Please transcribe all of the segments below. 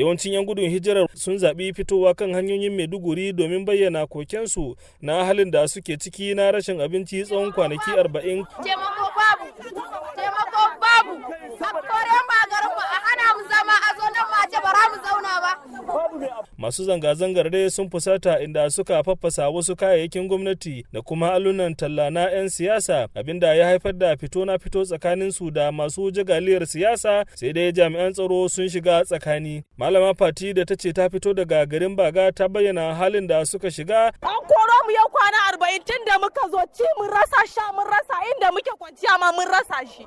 yawancin 'yan gudun hijirar sun zaɓi fitowa kan hanyoyin maiduguri domin bayyana kokensu na halin da suke ciki na rashin abinci tsawon kwanaki arba'in. masu zanga-zangar dai sun fusata inda suka faffasa wasu kayayyakin gwamnati da kuma alunan talla na 'yan siyasa abinda ya haifar da fito na fito tsakanin su da masu jagaliyar siyasa sai dai jami'an tsaro sun shiga tsakani malama fati da ta ce ta fito daga garin baga ta bayyana halin da suka shiga an koro mu yau kwana arba'in tun da muka zo ci mun rasa sha mun rasa inda muke kwanciya ma mun rasa shi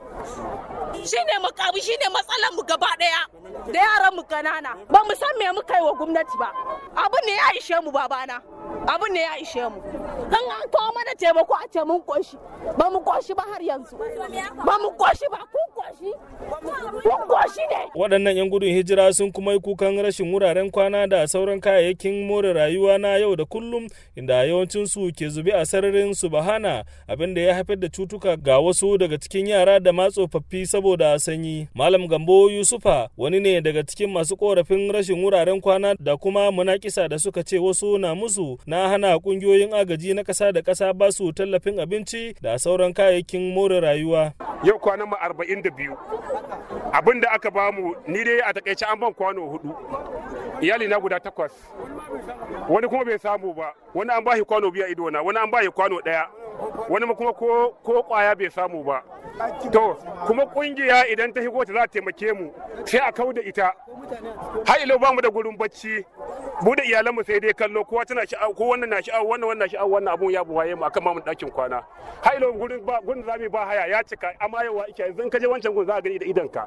shine shi shine matsalar mu gaba daya da yaran mu kanana ba mu san me muka yi wa gwamnati ba abin ne ya ishe mu babana abin ne ya ishe mu in an kawo mana taimako a ce mun koshi ba mu koshi ba har yanzu ba mu koshi ba kun koshi kun koshi ne waɗannan yan gudun hijira sun kuma yi kukan rashin wuraren kwana da sauran kayayyakin more rayuwa na yau da kullum inda yawancin su ke zube a sararin subahana abin da ya haifar da cutuka ga wasu daga cikin yara da ma tsofaffi saboda sanyi malam gambo yusufa wani ne daga cikin masu korafin rashin wuraren kwana da kuma munakisa da suka ce wasu na musu na hana kungiyoyin agaji na kasa da kasa ba su tallafin abinci da sauran kayayyakin more rayuwa. Yau kwanan mu arba'in da biyu. Abin da aka bamu ni dai a takaice an ban kwano hudu. Iyali na guda takwas. Wani kuma bai samu ba. Wani an bashi kwano biya idona, wani an bashi kwano ɗaya. Wani kuma ko ko kwaya bai samu ba. To kuma kungiya idan ta higo ta za ta taimake mu sai a kau da ita. Har ilo bamu da gurin bacci bude iyalanmu sai dai kallo kowa tana sha'awa ko wannan na sha'awa wannan wannan wannan abun ya waye mu akan mamun dakin kwana hailo gurin ba gurin zami ba haya ya cika amma yawa ike yanzu ka je wancan gurin za ka gani da idanka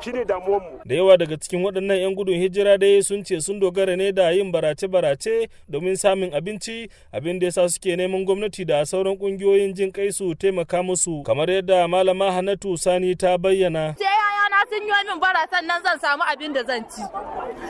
shine damuwar mu da yawa daga cikin waɗannan yan gudun hijira dai sun ce sun dogara ne da yin barace barace domin samun abinci abin da yasa suke neman gwamnati da sauran kungiyoyin jin kai su taimaka musu kamar yadda malama hanatu Sani ta bayyana sai yaya na sun yi min bara sannan zan samu abin da zan ci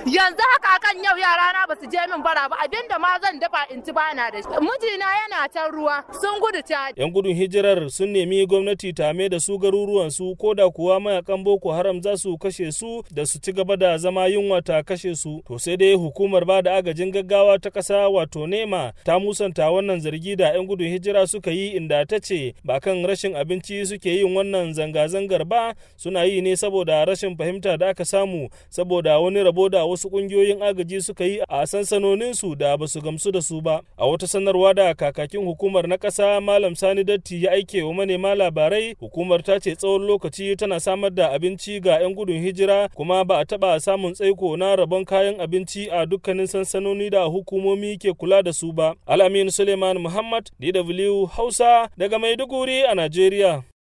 yanzu haka kan yau yara na basu je min bara ba abinda ma zan dafa in ci bana da shi mijina yana can ruwa sun gudu ta yan gudun hijirar sun nemi gwamnati tame da su garuruwan su ko da kuwa mayakan boko haram za su kashe su da su ci gaba da zama yunwa ta kashe su to sai dai hukumar ba da agajin gaggawa ta kasa wato nema ta musanta wannan zargi da yan gudun hijira suka yi inda ta ce ba kan rashin abinci suke yin wannan zanga-zangar ba suna yi ne saboda rashin fahimta da aka samu saboda wani rabo da wasu wasu kungiyoyin agaji suka yi a sansanoninsu da ba su gamsu da su ba a wata sanarwa da kakakin hukumar na ƙasa malam sani datti ya aike wa manema labarai hukumar ta ce tsawon lokaci tana samar da abinci ga 'yan gudun hijira kuma ba a taɓa samun tsaiko na rabon kayan abinci a dukkanin sansanoni da hukumomi ke kula da su ba alamin suleiman muhammad dw hausa daga maiduguri a najeriya